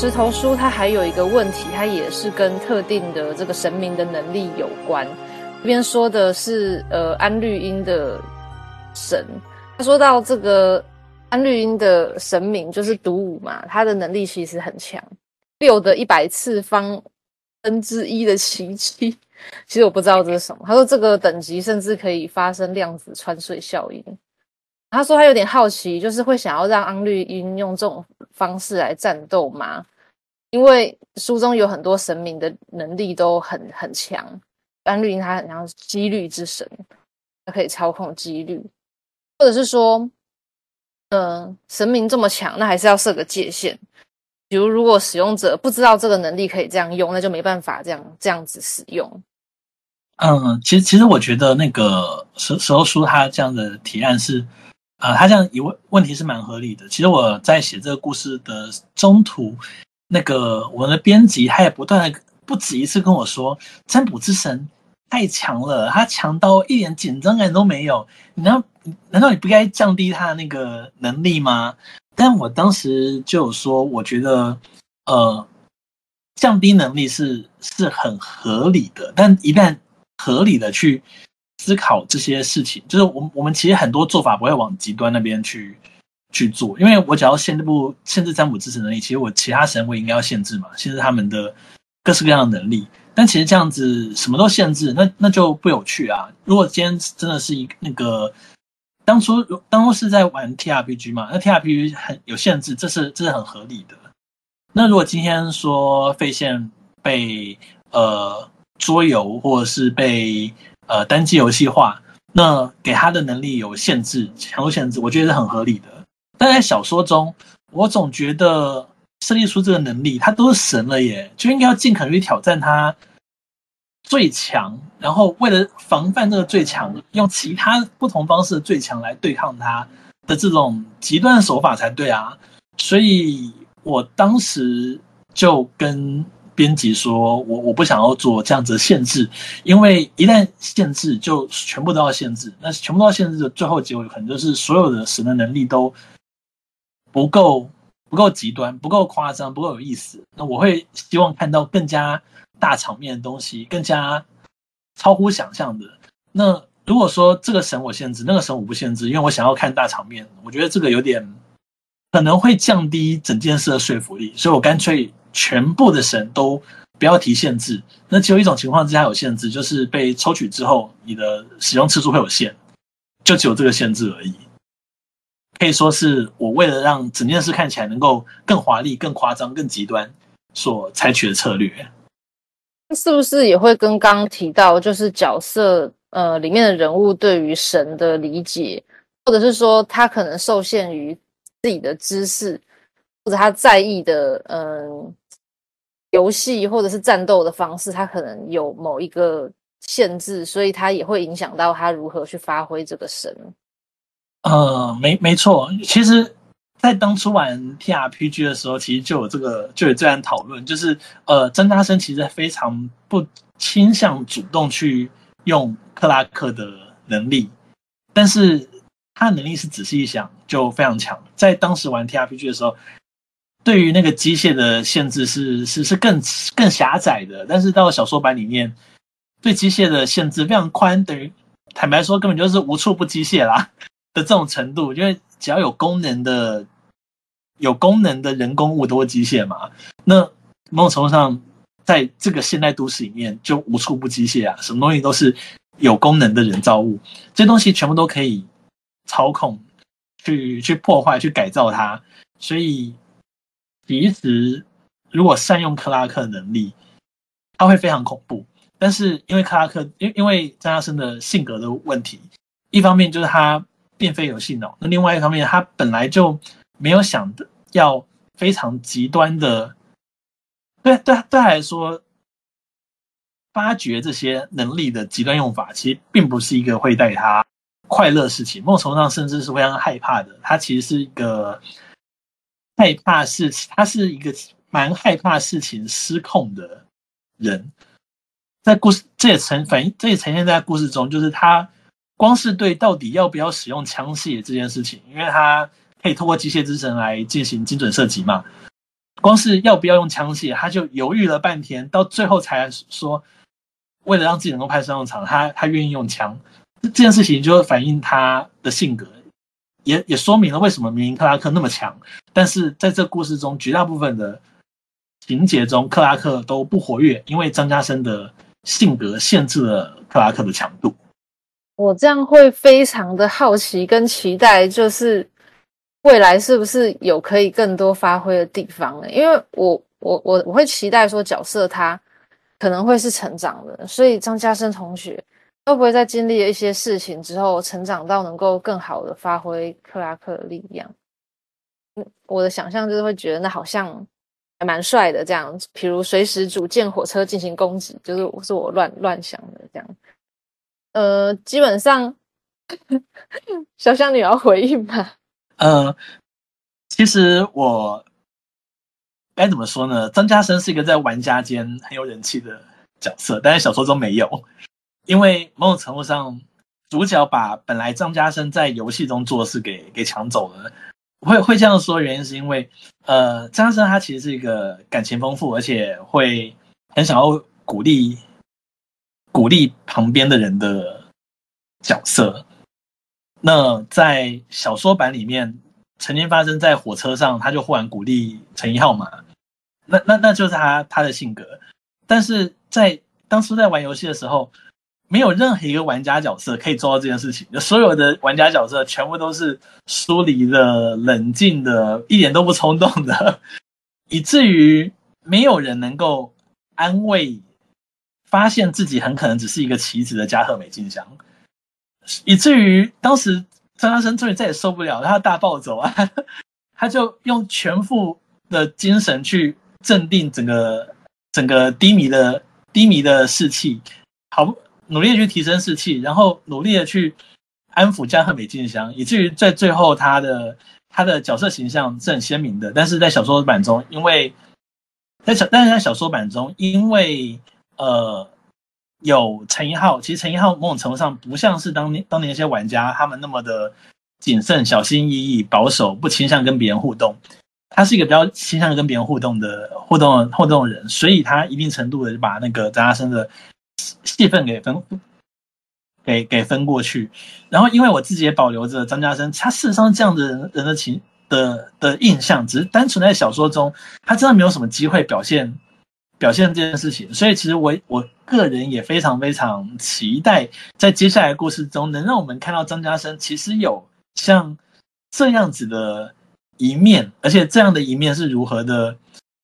石頭書它還有一個問題，它也是跟特定的這個神明的能力有關。這邊說的是呃安綠茵的神，他說到這個安綠茵的神明就是毒舞嘛，他的能力其實很強，六的一百次方分之一的奇蹟，其實我不知道這是什麼。他說這個等級甚至可以發生量子穿隧效應。他說：“他有點好奇，就是會想要讓安綠英用這種方式來戰鬥嗎？因為書中有很多神明的能力都很很強，安綠英他很像幾率之神，他可以操控幾率，或者是說，嗯、呃，神明這麼強，那還是要設個界限。比如，如果使用者不知道這個能力可以這樣用，那就沒辦法這樣這樣子使用。嗯，其實其實我覺得那個時候書他這樣的提案是。”啊、呃，他這樣一問問題，是蠻合理的。其實我在寫這個故事的中途，那個我們的編輯，他也不斷的不止一次跟我說：“占卜之神太強了，他強到一點緊張感都沒有。你難道難道你不該降低他的那個能力嗎？”但我當時就有說，我覺得，呃，降低能力是是很合理的，但一旦合理的去思考這些事情，就是我我們其實很多做法不會往極端那邊去去做，因為我只要限制不限制占卜支持能力，其實我其他神我也應該要限制嘛，限制他們的各式各樣的能力。但其實這樣子什麼都限制，那那就不有趣啊！如果今天真的是一個那個當初當初是在玩 TRPG 嘛，那 TRPG 很有限制，這是這是很合理的。那如果今天說廢線被呃桌遊或者是被呃，單機遊戲化，那給他的能力有限制、強度限制，我覺得是很合理的。但在小說中，我總覺得設計出這個能力，他都是神了耶，就應該要儘可能去挑戰他最強，然後為了防範這個最強，用其他不同方式的最強來對抗他的這種極端的手法才對啊。所以我當時就跟，編輯說我：“我我不想要做這樣子的限制，因為一旦限制就全部都要限制，那全部都要限制的最後結尾可能就是所有的神的能力都不夠不夠極端、不夠誇張、不夠有意思。那我會希望看到更加大場面的東西，更加超乎想象的。那如果說這個神我限制，那個神我不限制，因為我想要看大場面，我覺得這個有點可能會降低整件事的說服力，所以我乾脆。”全部的神都不要提限制，那只有一種情況之下有限制，就是被抽取之後，你的使用次數會有限，就只有這個限制而已。可以說是我為了讓整件事看起來能夠更華麗、更誇張、更極端，所採取的策略。是不是也會跟剛剛提到，就是角色呃裡面的人物對於神的理解，或者是說他可能受限於自己的知識，或者他在意的嗯。呃遊戲或者是戰鬥的方式，它可能有某一個限制，所以它也會影響到他如何去發揮這個神。呃，沒沒錯，其實，在當初玩 TRPG 的時候，其實就有這個就有這樣討論，就是呃，張大生其實非常不傾向主動去用克拉克的能力，但是他的能力是仔細一想就非常強。在當時玩 TRPG 的時候。對於那個機械的限制是是是更更狹窄的，但是到了小說版裡面，對機械的限制非常寬，等於坦白說，根本就是無處不機械啦的這種程度。因為只要有功能的、有功能的人工物，都會機械嘛。那某種程度上，在這個現代都市裡面，就無處不機械啊，什麼東西都是有功能的人造物，這東西全部都可以操控，去去破壞、去改造它，所以。彼此如果善用克拉克的能力，他會非常恐怖。但是因為克拉克，因為因為張亞生的性格的問題，一方面就是他並非有性腦，那另外一方面，他本來就沒有想的要非常極端的。對對對他來說，發掘這些能力的極端用法，其實並不是一個會帶他快樂的事情。某種程度上甚至是非常害怕的。他其實是一個。害怕事情，他是一個蠻害怕事情失控的人。在故事，這也呈反映，這也呈現在故事中，就是他光是對到底要不要使用槍械這件事情，因為他可以透過機械之神來進行精準射擊嘛。光是要不要用槍械，他就猶豫了半天，到最後才說，為了讓自己能夠派上用場，他他願意用槍。這件事情就反映他的性格。也也說明了為什麼明明克拉克那麼強，但是在這故事中絕大部分的情節中，克拉克都不活躍，因為張家生的性格限制了克拉克的強度。我這樣會非常的好奇跟期待，就是未來是不是有可以更多發揮的地方呢？因為我，我我我我會期待說角色他可能會是成長的，所以張家生同學，會不會在經歷了一些事情之後，成長到能夠更好的發揮克拉克的力量？我的想象就是會覺得那好像還蠻帥的這樣子，譬如隨時組建火車進行攻擊，就是，是我亂亂想的這樣。呃，基本上，瀟湘神你要回應吧。呃，其實我該怎麼說呢？張家生是一個在玩家間很有人氣的角色，但在小說中沒有。因為某種程度上，主角把本來張家生在遊戲中做的事給給搶走了。會會這樣說，原因是因為，呃，張家生他其實是一個感情豐富，而且會很想要鼓勵鼓勵旁邊的人的角色。那在小說版裡面，曾經發生在火車上，他就忽然鼓勵陳一浩嘛。那那那就是他他的性格。但是在當初在玩遊戲的時候。沒有任何一個玩家角色可以做到這件事情。就所有的玩家角色全部都是疏離的、冷靜的、一點都不衝動的，以至於沒有人能夠安慰發現自己很可能只是一個棋子的加特美金香加賀美鏡香。以至於當時張大生終於再也受不了，他大暴走啊！他就用全副的精神去鎮定整個整個低迷的低迷的士氣，好不。努力的去提升士氣，然後努力的去安撫加賀美靜香，以至於在最後他的他的角色形象是很鮮明的。但是在小說版中，因為在小但是在小說版中，因為呃有陳一浩，其實陳一浩某種程度上不像是當年當年那些玩家他們那麼的謹慎、小心翼翼、保守，不傾向跟別人互動。他是一個比較傾向於跟別人互動的互動的互動的人，所以他一定程度的就把那個扎阿生的。氣氛給分，給給分過去。然後，因為我自己也保留着張嘉生，他事實上這樣的人人的情的的印象，只是單純在小說中，他真的沒有什麼機會表現表現這件事情。所以，其實我我個人也非常非常期待，在接下來的故事中，能讓我們看到張嘉生其實有像這樣子的一面，而且這樣的一面是如何的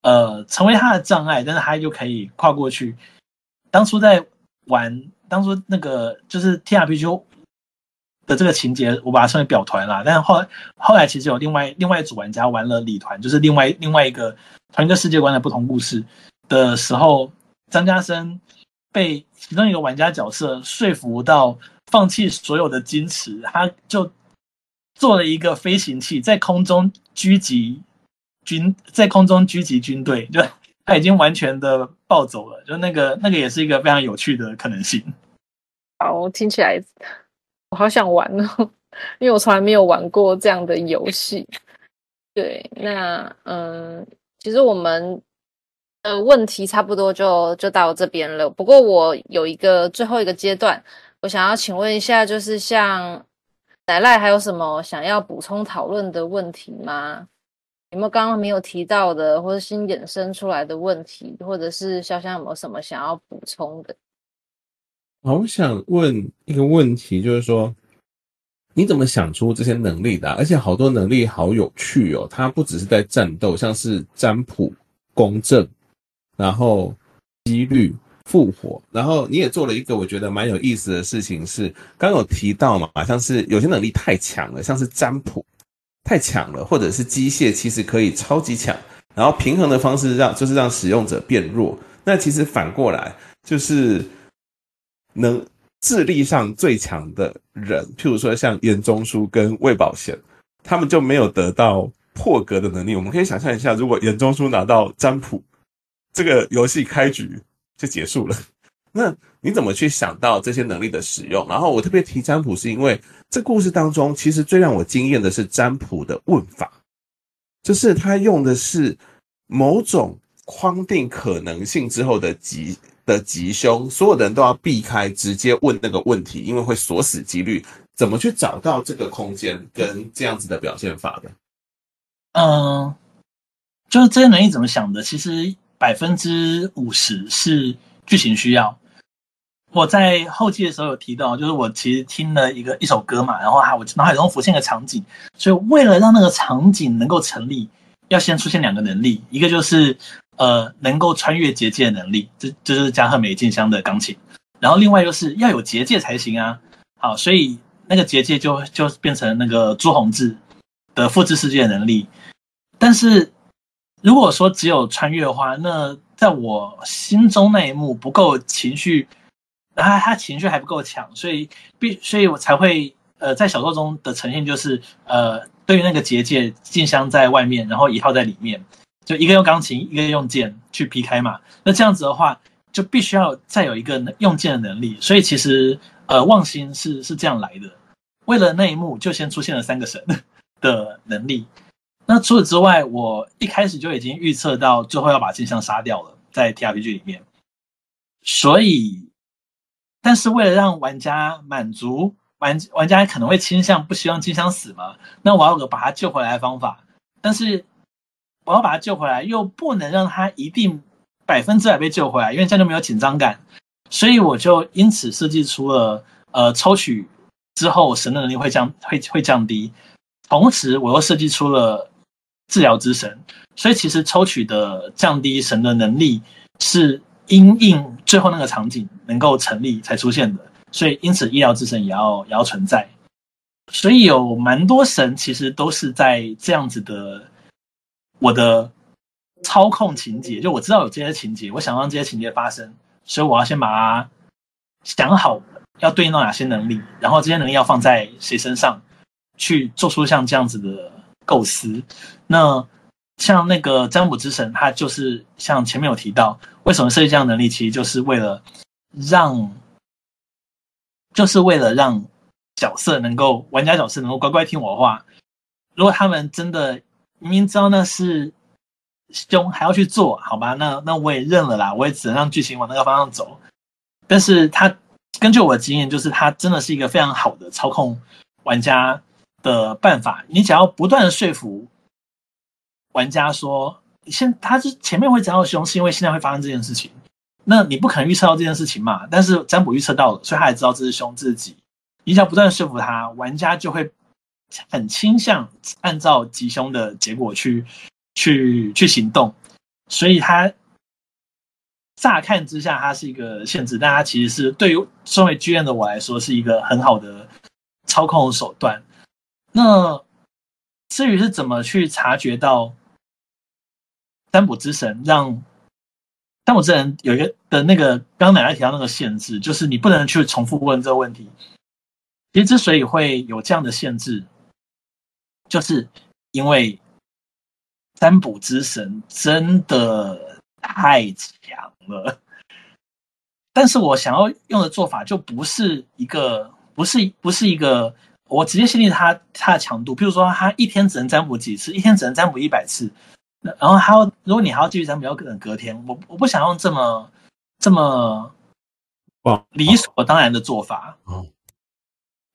呃成為他的障礙，但是他就可以跨過去。當初在。玩當初那個就是 T R P G 的這個情節，我把它稱為表團啦。但後來後來其實有另外另外一組玩家玩了裡團，就是另外另外一個同一個世界觀的不同故事的時候，張家生被其中一個玩家角色說服到放棄所有的矜持，他就做了一個飛行器，在空中狙擊軍，在空中狙擊軍隊對。他已經完全的暴走了，就那個那個也是一個非常有趣的可能性。好，我聽起來我好想玩哦，因為我從來沒有玩過這樣的遊戲。 對，那嗯，其實我們呃問題差不多就就到這邊了。不過我有一個最後一個階段，我想要請問一下，就是像乃賴還有什麼想要補充討論的問題嗎？你有沒有剛剛沒有提到的，或者新衍生出來的問題，或者是瀟湘有沒有什麼想要補充的？我想問一個問題，就是說，你怎麼想出這些能力的啊？而且好多能力好有趣哦，它不只是在戰鬥，像是占卜、公正，然後幾率復活，然後你也做了一個我覺得蠻有意思的事情是，是剛剛有提到嘛，像是有些能力太強了，像是占卜。太強了，或者是機械，其實可以超級強，然後平衡的方式讓就是讓使用者變弱。那其實反過來就是能智力上最強的人，譬如說像嚴中書跟魏寶賢，他們就沒有得到破格的能力。我們可以想象一下，如果嚴中書拿到占卜，這個遊戲開局就結束了。那你怎麼去想到這些能力的使用？然後我特別提占卜，是因為這故事當中，其實最讓我驚艷的是占卜的問法，就是他用的是某種框定可能性之後的吉的吉凶，所有的人都要避開，直接問那個問題，因為會鎖死幾率。怎麼去找到這個空間跟這樣子的表現法的？嗯、呃，就是這些能力怎麼想的？其實百分之五十是劇情需要。我在後記的時候有提到，就是我其實聽了一個一首歌嘛，然後啊，我腦海中浮現個場景，所以為了讓那個場景能夠成立，要先出現兩個能力，一個就是呃能夠穿越結界的能力，這這就是加賀美靜香的鋼琴，然後另外就是要有結界才行啊。好，所以那個結界就就變成那個朱紅志的複製世界的能力，但是如果說只有穿越的話，那在我心中那一幕不夠情緒。然後他情緒還不夠強，所以必所以我才會呃在小說中的呈現就是呃對於那個結界，靜香在外面，然後一浩在裡面，就一個用鋼琴，一個用劍去劈開嘛。那這樣子的話，就必須要再有一個用劍的能力。所以其實呃望星是是這樣來的。為了那一幕，就先出現了三個神的能力。那除此之外，我一開始就已經預測到最後要把靜香殺掉了，在 TRPG 裡面，所以。但是為了讓玩家滿足，玩玩家可能會傾向不希望金香死嘛？那我要有個把他救回來的方法，但是我要把他救回來，又不能讓他一定百分之百被救回來，因為這樣就沒有緊張感。所以我就因此設計出了，呃，抽取之後神的能力會降會會降低，同時我又設計出了治療之神，所以其實抽取的降低神的能力是。因應最後那個場景能夠成立才出現的，所以因此醫療之神也要也要存在，所以有蠻多神其實都是在這樣子的，我的操控情節，就我知道有這些情節，我想讓這些情節發生，所以我要先把它想好要對應到哪些能力，然後這些能力要放在誰身上，去做出像這樣子的構思，那。像那個占卜之神，他就是像前面有提到，為什麼設計這樣的能力，其實就是為了讓，就是為了讓角色能夠，玩家角色能夠乖乖聽我的話。如果他們真的明明知道那是凶，還要去做，好吧，那那我也認了啦，我也只能讓劇情往那個方向走。但是他根據我的經驗，就是他真的是一個非常好的操控玩家的辦法。你只要不斷的說服。玩家說：“現他是前面會講到凶，是因為現在會發生這件事情。那你不可能預測到這件事情嘛，但是占卜預測到了，所以他也知道這是凶自己。你只要不斷說服他，玩家就會很傾向按照吉凶的結果去、去、去行動。所以他乍看之下，他是一個限制，但他其實是對於身為 GM 的我來說，是一個很好的操控手段。那至於是怎麼去察覺到？”占卜之神讓，但我之人有一個的那個，剛剛乃賴提到那個限制，就是你不能去重複問這個問題。其實之所以會有這樣的限制，就是因為占卜之神真的太強了。但是我想要用的做法，就不是一個，不是，不是一個，我直接限定他他的強度，比如說他一天只能占卜幾次，一天只能占卜一百次。然後還要，如果你還要繼續占卜，要等隔天。我我不想用這麼這麼理所當然的做法，哦哦、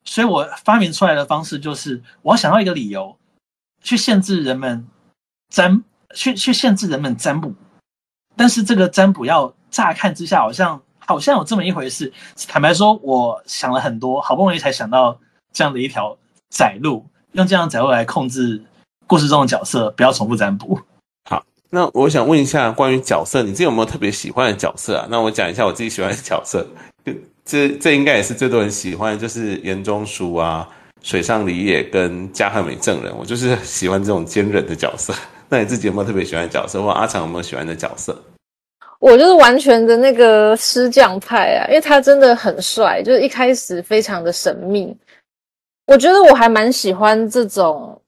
所以，我發明出來的方式就是，我想要一個理由去限制人們占，去去限制人們占卜。但是這個占卜要乍看之下好像好像有這麼一回事。坦白說，我想了很多，好不容易才想到這樣的一條窄路，用這樣的窄路來控制故事中的角色，不要重複占卜。那我想問一下，關於角色，你自己有沒有特別喜歡的角色啊？那我講一下我自己喜歡的角色，就這這應該也是最多人喜歡的，就是岩宗書啊、水上里野跟加賀美正人。我就是喜歡這種堅韌的角色。那你自己有沒有特別喜歡的角色？或阿長有沒有喜歡的角色？我就是完全的那個師匠派啊，因為他真的很帥，就是一開始非常的神秘。我覺得我還蠻喜歡這種。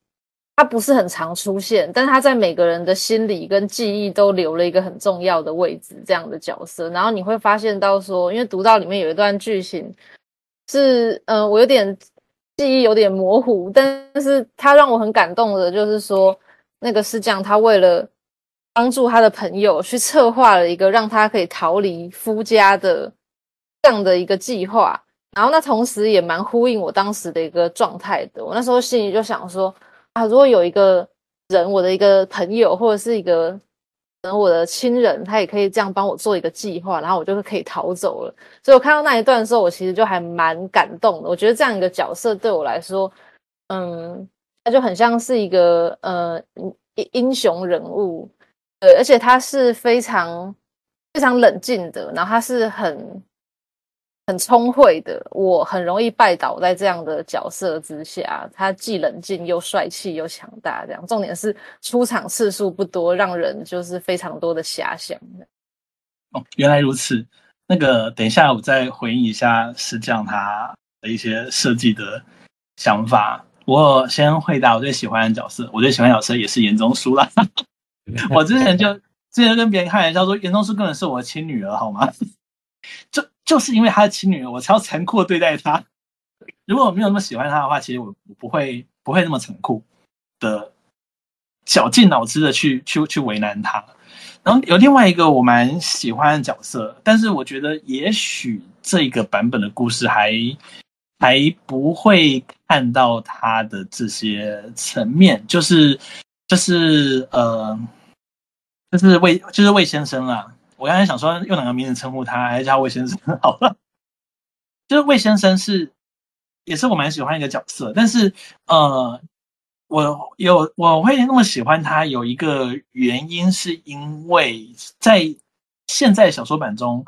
他不是很常出現，但他在每個人的心裡跟記憶都留了一個很重要的位置，這樣的角色。然後你會發現到說，因為讀到裡面有一段劇情是，嗯、呃，我有點記憶有點模糊，但是他讓我很感動的，就是說那個是這樣，他為了幫助他的朋友去策劃了一個讓他可以逃離夫家的這樣的一個計劃。然後那同時也蠻呼應我當時的一個狀態的，我那時候心裡就想說。啊，如果有一個人，我的一個朋友或者是一個，等我的親人，他也可以這樣幫我做一個計劃，然後我就是可以逃走了。所以我看到那一段的時候，我其實就還蠻感動的。我覺得這樣一個角色對我來說，嗯，他就很像是一個呃英雄人物，呃，而且他是非常非常冷靜的，然後他是很。很聰慧的，我很容易拜倒在這樣的角色之下。他既冷靜又帥氣又強大，這樣重點是出場次數不多，讓人就是非常多的遐想。哦，原來如此。那個，等一下我再回應一下，是這樣他的一些設計的想法。我先回答我最喜歡的角色，我最喜歡的角色也是嚴宗書啦。 我之前就之前就跟別人開玩笑說，嚴宗書根本是我親女兒，好嗎？ 就。就是因為他的親女兒，我才要殘酷的對待他。如果我沒有那麼喜歡他的話，其實我不會不會那麼殘酷的絞盡腦汁的去去去為難他。然後有另外一個我蠻喜歡的角色，但是我覺得也許這個版本的故事還還不會看到他的這些層面，就是就是呃，就是魏就是魏先生啦。我剛才想說用哪個名字稱呼他，還是叫魏先生好了。就是魏先生是，也是我蠻喜歡的一個角色，但是呃，我有我會那麼喜歡他，有一個原因是因為在現在小說版中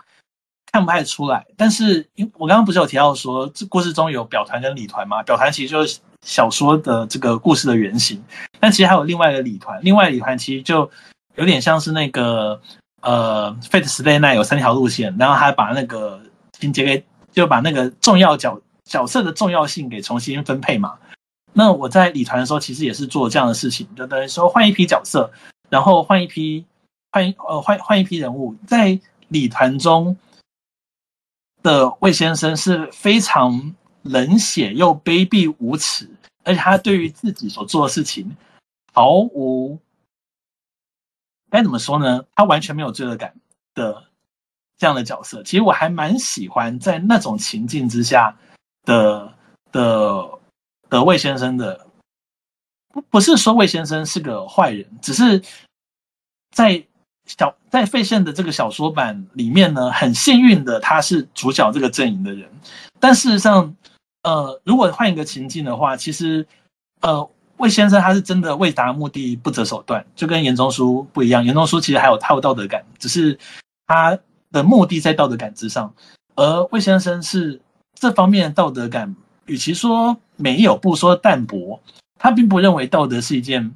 看不太出來，但是因我剛剛不是有提到說這故事中有表團跟李團嘛，表團其實就是小說的這個故事的原型，但其實還有另外一個李團，另外李團其實就有點像是那個。呃，《Fate/stay night》有三條路線，然後還把那個情節給，就把那個重要角角色的重要性給重新分配嘛。那我在理團的時候，其實也是做這樣的事情，就等於說換一批角色，然後換一批換一呃換換一批人物。在理團中的魏先生是非常冷血又卑鄙無恥，而且他對於自己所做的事情毫無。該怎麼說呢？他完全沒有罪惡感的這樣的角色，其實我還蠻喜歡在那種情境之下的的的衛先生的。不不是說衛先生是個壞人，只是在小在 Fate 的這個小說版裡面呢，很幸運的他是主角這個陣營的人。但事實上，呃，如果換一個情境的話，其實呃。魏先生他是真的為達目的不擇手段，就跟嚴中書不一樣。嚴中書其實還有，他有道德感，只是他的目的在道德感之上，而魏先生是這方面的道德感，與其說沒有，不如說淡薄，他並不認為道德是一件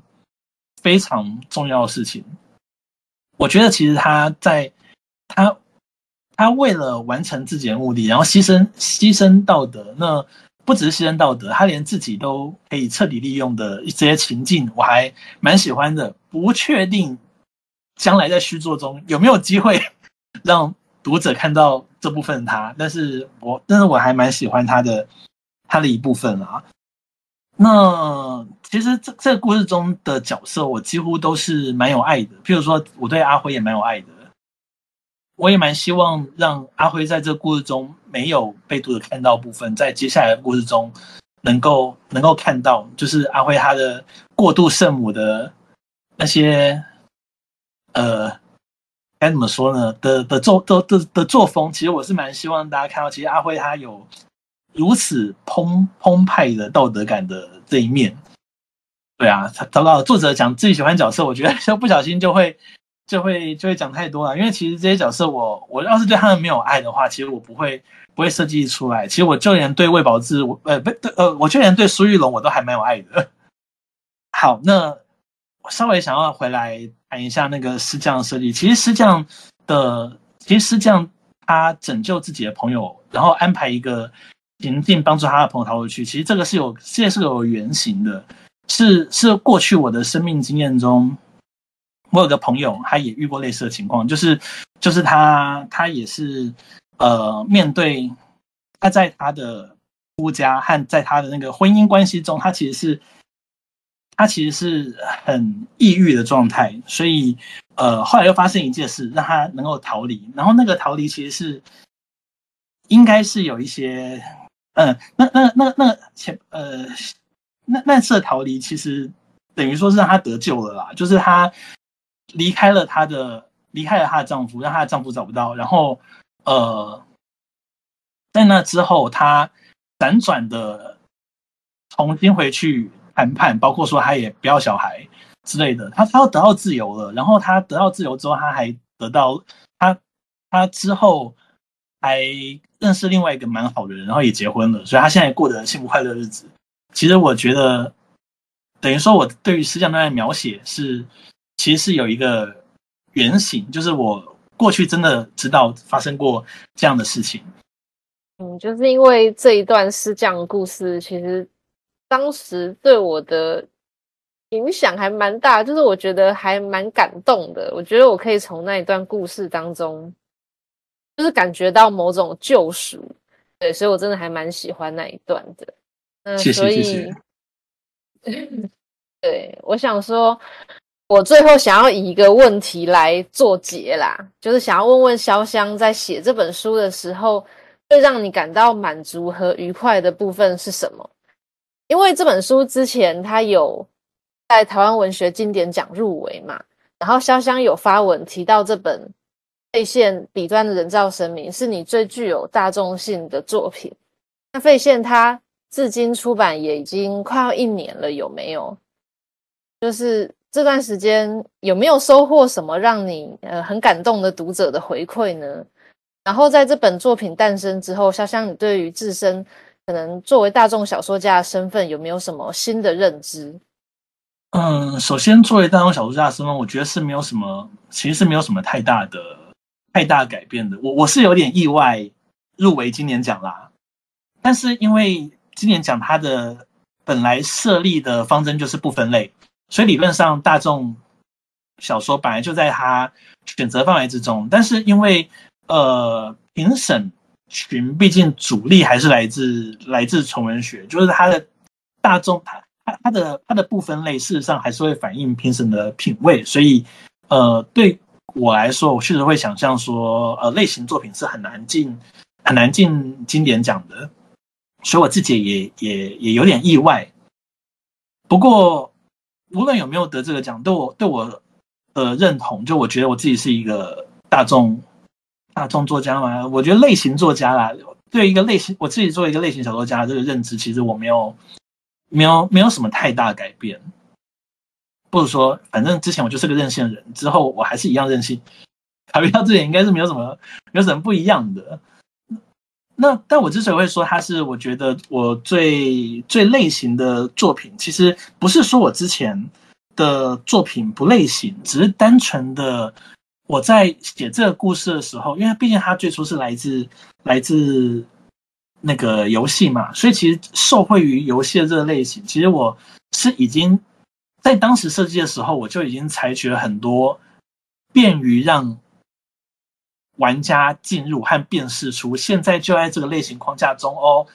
非常重要的事情。我覺得其實他在，他他為了完成自己的目的，然後犧牲犧牲道德，那。不只是犧牲道德，他連自己都可以徹底利用的一些情境，我還蠻喜歡的。不確定將來在續作中有沒有機會讓讀者看到這部分他，但是我但是我還蠻喜歡他的他的一部分啊。那其實這這個故事中的角色，我幾乎都是蠻有愛的。譬如說，我對阿輝也蠻有愛的。我也蠻希望讓阿輝在這故事中沒有被讀者看到的部分，在接下來的故事中能夠能夠看到，就是阿輝他的過度聖母的那些，呃，該怎麼說呢？的的作都的的作風，其實我是蠻希望大家看到，其實阿輝他有如此澎澎湃的道德感的這一面。對啊，糟糕，作者講自己喜歡角色，我覺得就不小心就會。就會就會講太多了，因為其實這些角色我，我我要是對他們沒有愛的話，其實我不會不會設計出來。其實我就連對魏寶志，呃不對，呃，我就連對蘇玉龍，我都還蠻有愛的。好，那我稍微想要回來談一下那個師匠的設計。其實師匠的，其實師匠他拯救自己的朋友，然後安排一個情境幫助他的朋友逃回去，其實這個是有，這也是有原型的，是是過去我的生命經驗中。我有個朋友，他也遇過類似的情況，就是，就是他，他也是，呃，面對他在他的夫家和在他的那個婚姻關係中，他其實是他其實是很抑鬱的狀態，所以，呃，後來又發生一件事，讓他能夠逃離，然後那個逃離其實是應該是有一些，嗯、呃，那那那那前，呃，那那次的逃離其實等於說是讓他得救了啦，就是他。離開了她的，離開了她的丈夫，讓她的丈夫找不到。然後，呃，在那之後，她輾轉的重新回去談判，包括說她也不要小孩之類的。她她都得到自由了，然後她得到自由之後，她還得到她她之後還認識另外一個蠻好的人，然後也結婚了，所以她現在過得幸福快樂日子。其實我覺得，等於說我對於思想那段描寫是。其實是有一個原型，就是我過去真的知道發生過這樣的事情。嗯，就是因為這一段是這樣的故事，其實當時對我的影響還蠻大的，就是我覺得還蠻感動的。我覺得我可以從那一段故事當中，就是感覺到某種救贖。對，所以我真的還蠻喜歡那一段的。嗯，謝謝謝謝。 對，我想說，我最後想要以一個問題來做結啦，就是想要問問瀟湘，在寫這本書的時候，最讓你感到滿足和愉快的部分是什麼？因為這本書之前他有在台灣文學經典獎入圍嘛，然後瀟湘有發文提到這本廢線彼端的人造神明是你最具有大眾性的作品。那廢線它至今出版也已經快要一年了，有沒有？就是。這段時間有沒有收穫什麼讓你呃很感動的讀者的回饋呢？然後在這本作品誕生之後，瀟湘，你對於自身可能作為大眾小說家的身份有沒有什麼新的認知？嗯，首先作為大眾小說家的身份，我覺得是沒有什麼，其實是沒有什麼太大的太大改變的。我我是有點意外入圍金典獎啦，但是因為金典獎它的本來設立的方針就是不分類。所以理論上，大眾小說本來就在他選擇範圍之中，但是因為呃，評審群畢竟主力還是來自來自純文學，就是他的大眾他他他的他的不分類，事實上還是會反映評審的品味。所以呃，對我來說，我確實會想象說，呃，類型作品是很難進很難進經典獎的。所以我自己也也也有點意外，不過。無論有沒有得這個獎，對我對我的認同，就我覺得我自己是一個大眾大眾作家嘛。我覺得類型作家啦，對於一個類型，我自己作為一個類型小說家，這個認知其實我沒有沒有沒有什麼太大改變。或者說，反正之前我就是個任性的人，之後我還是一樣任性。考慮到這點，應該是沒有什麼沒有什麼不一樣的。那但我之所以會說它是，我覺得我最最類型的作品，其實不是說我之前的作品不類型，只是單純的我在寫這個故事的時候，因為畢竟它最初是來自來自那個遊戲嘛，所以其實受惠於遊戲的這個類型，其實我是已經在當時設計的時候，我就已經採取了很多便於讓玩家進入和辨識出，現在就在這個類型框架中哦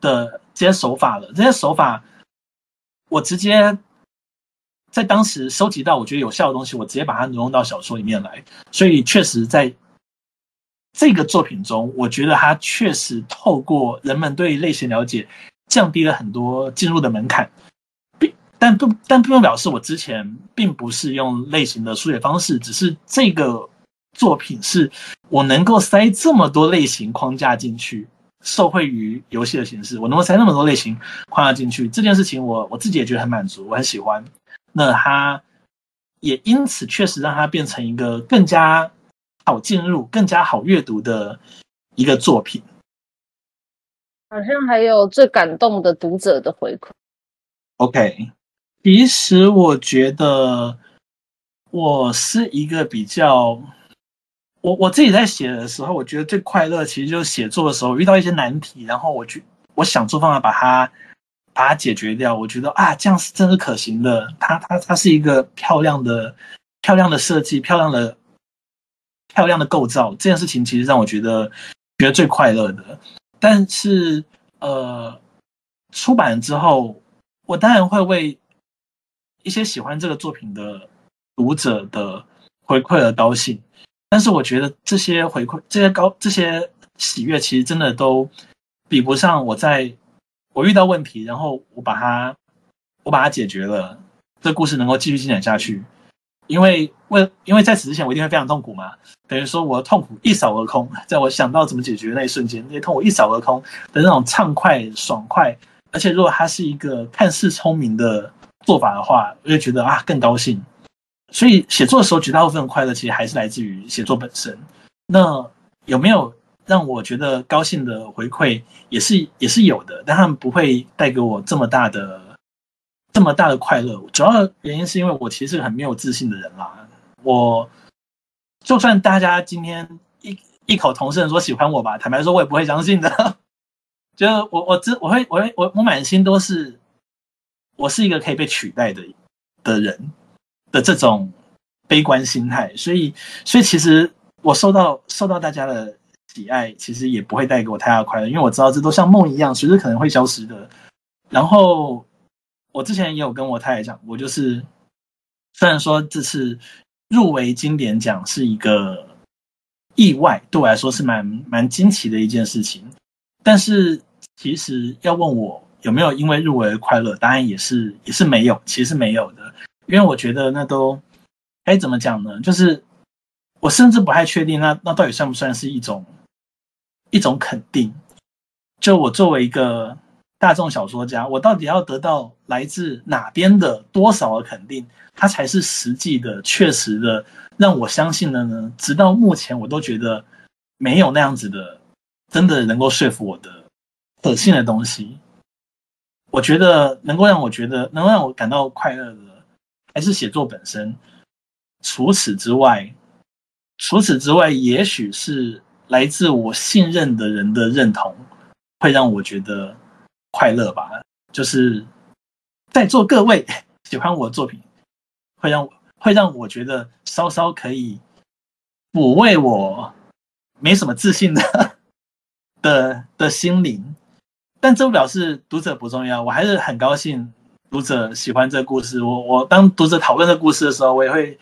的這些手法了。這些手法，我直接在當時收集到我覺得有效的東西，我直接把它挪用到小說裡面來。所以確實在這個作品中，我覺得它確實透過人們對類型了解，降低了很多進入的門檻。並但不但不用表示我之前並不是用類型的書寫方式，只是這個。作品是我能夠塞這麼多類型框架進去，受惠於遊戲的形式，我能夠塞那麼多類型框架進去這件事情我，我我自己也覺得很滿足，我很喜歡。那它也因此確實讓它變成一個更加好進入、更加好閱讀的一個作品。好像還有最感動的讀者的回饋。OK，其實我覺得我是一個比較。我我自己在寫的時候，我覺得最快樂，其實就是寫作的時候遇到一些難題，然後我去我想出方法把它把它解決掉。我覺得啊，這樣是真是可行的，它它它是一個漂亮的、漂亮的設計，漂亮的、漂亮的構造。這件事情其實讓我覺得覺得最快樂的。但是呃，出版了之後，我當然會為一些喜歡這個作品的讀者的回饋而高興。但是我覺得這些回饋、這些高、這些喜悅，其實真的都比不上我在我遇到問題，然後我把它我把它解決了，這故事能夠繼續進展下去。因為為因為在此之前我一定會非常痛苦嘛，等於說我的痛苦一掃而空，在我想到怎麼解決的那一瞬間，那些痛苦一掃而空的那種暢快、爽快，而且如果它是一個看似聰明的做法的話，我就覺得啊更高興。所以寫作的時候，絕大部分快樂其實還是來自於寫作本身。那有沒有讓我覺得高興的回饋，也是也是有的，但他們不會帶給我這麼大的、這麼大的快樂。主要的原因是因為我其實是很沒有自信的人啦。我就算大家今天異異口同聲說喜歡我吧，坦白說，我也不會相信的。就我我知我會我我我滿心都是，我是一個可以被取代的的人，的這種悲觀心態，所以，所以其實我受到受到大家的喜愛，其實也不會帶給我太大的快樂，因為我知道這都像夢一樣，隨時可能會消失的。然後，我之前也有跟我太太講，我就是雖然說這次入圍金典獎是一個意外，對我來說是蠻蠻驚奇的一件事情，但是其實要問我有沒有因為入圍而快樂，答案也是也是沒有，其實是沒有的。因為我覺得那都，哎，怎麼講呢？就是我甚至不太確定那，那那到底算不算是一種一種肯定？就我作為一個大眾小說家，我到底要得到來自哪邊的多少的肯定，它才是實際的、確實的讓我相信的呢？直到目前，我都覺得沒有那樣子的、真的能夠說服我的可信的東西。我覺得能夠讓我覺得，能夠讓我感到快樂的還是寫作本身。除此之外，除此之外，也許是來自我信任的人的認同，會讓我覺得快樂吧。就是在座各位喜歡我的作品，會讓我會讓我覺得稍稍可以撫慰我沒什麼自信的的的心靈。但這不表示讀者不重要，我還是很高興。讀者喜歡這個故事，我我當讀者討論這個故事的時候，我也會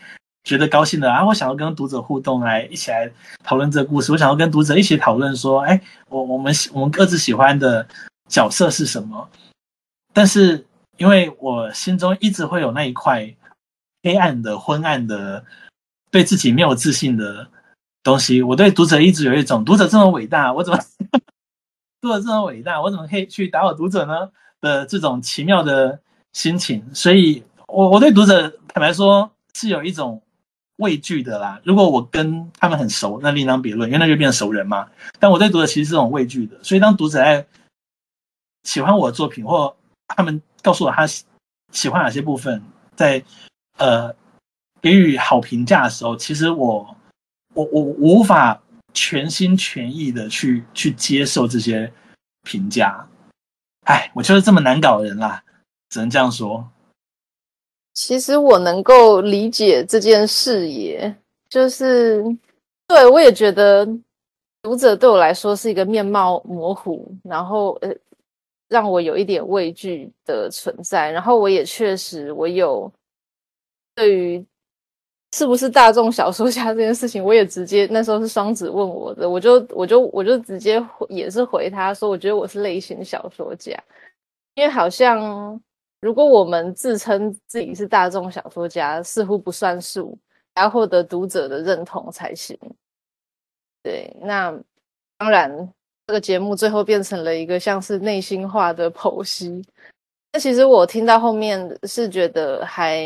覺得高興的。啊，我想要跟讀者互動來，來一起來討論這個故事。我想要跟讀者一起討論說，哎，我我們我們各自喜歡的角色是什麼？但是因為我心中一直會有那一塊黑暗的、昏暗的、對自己沒有自信的東西，我對讀者一直有一種讀者這麼偉大，我怎麼讀者這麼偉大，我怎麼可以去打擾讀者呢？的這種奇妙的。心情，所以我我對讀者坦白說，是有一種畏懼的啦。如果我跟他們很熟，那另當別論，因為那就變成熟人嘛。但我對讀者其實是這種畏懼的，所以當讀者在喜歡我的作品，或他們告訴我他喜歡哪些部分，在呃給予好評價的時候，其實我我我無法全心全意的去去接受這些評價。哎，我就是這麼難搞的人啦。只能這樣說。其實我能夠理解這件事也，也就是對我也覺得讀者對我來說是一個面貌模糊，然後呃讓我有一點畏懼的存在。然後我也確實我有對於是不是大眾小說家這件事情，我也直接那時候是雙子問我的，我就我就我就直接也是回他說，我覺得我是類型小說家，因為好像。如果我們自稱自己是大眾小說家，似乎不算數，還要獲得讀者的認同才行。對，那當然，這個節目最後變成了一個像是內心話的剖析。那其實我聽到後面是覺得還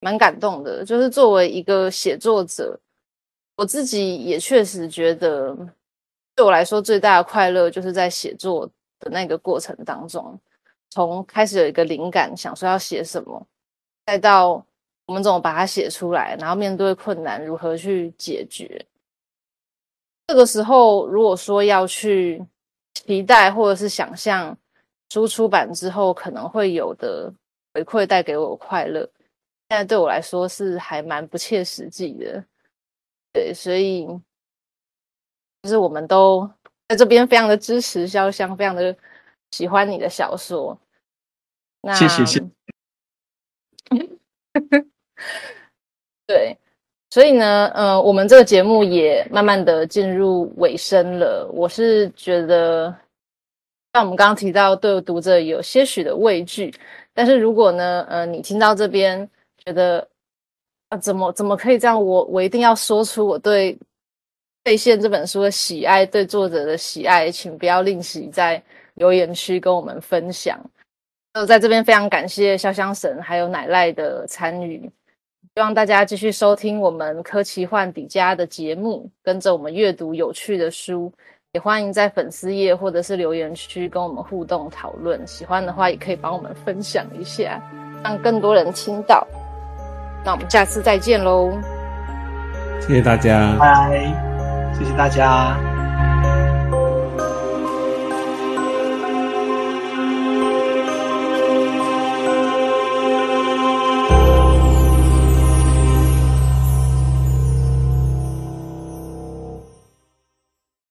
蠻感動的，就是作為一個寫作者，我自己也確實覺得，對我來說最大的快樂就是在寫作的那個過程當中。從開始有一個靈感，想說要寫什麼，再到我們怎麼把它寫出來，然後面對困難如何去解決。這個時候，如果說要去期待或者是想象，書出版之後可能會有的回饋帶給我快樂，現在對我來說是還蠻不切實際的。對，所以就是我們都在這邊非常的支持瀟湘，非常的。喜歡你的小說，那謝謝謝。謝謝 對，所以呢，呃，我們這個節目也慢慢的進入尾聲了。我是覺得，像我們剛剛提到，對讀者有些許的畏懼。但是如果呢，呃，你聽到這邊，覺得啊，怎麼怎麼可以這樣？我我一定要說出我對《廢線》這本書的喜愛，對作者的喜愛，請不要吝惜在。留言區跟我們分享。那我在這邊非常感謝瀟湘神還有乃賴的參與，希望大家繼續收聽我們科奇幻底家的節目，跟着我們閱讀有趣的書，也歡迎在粉絲頁或者是留言區跟我們互動討論。喜歡的話也可以幫我們分享一下，讓更多人聽到。那我們下次再見嘍！謝謝大家，拜！謝謝大家。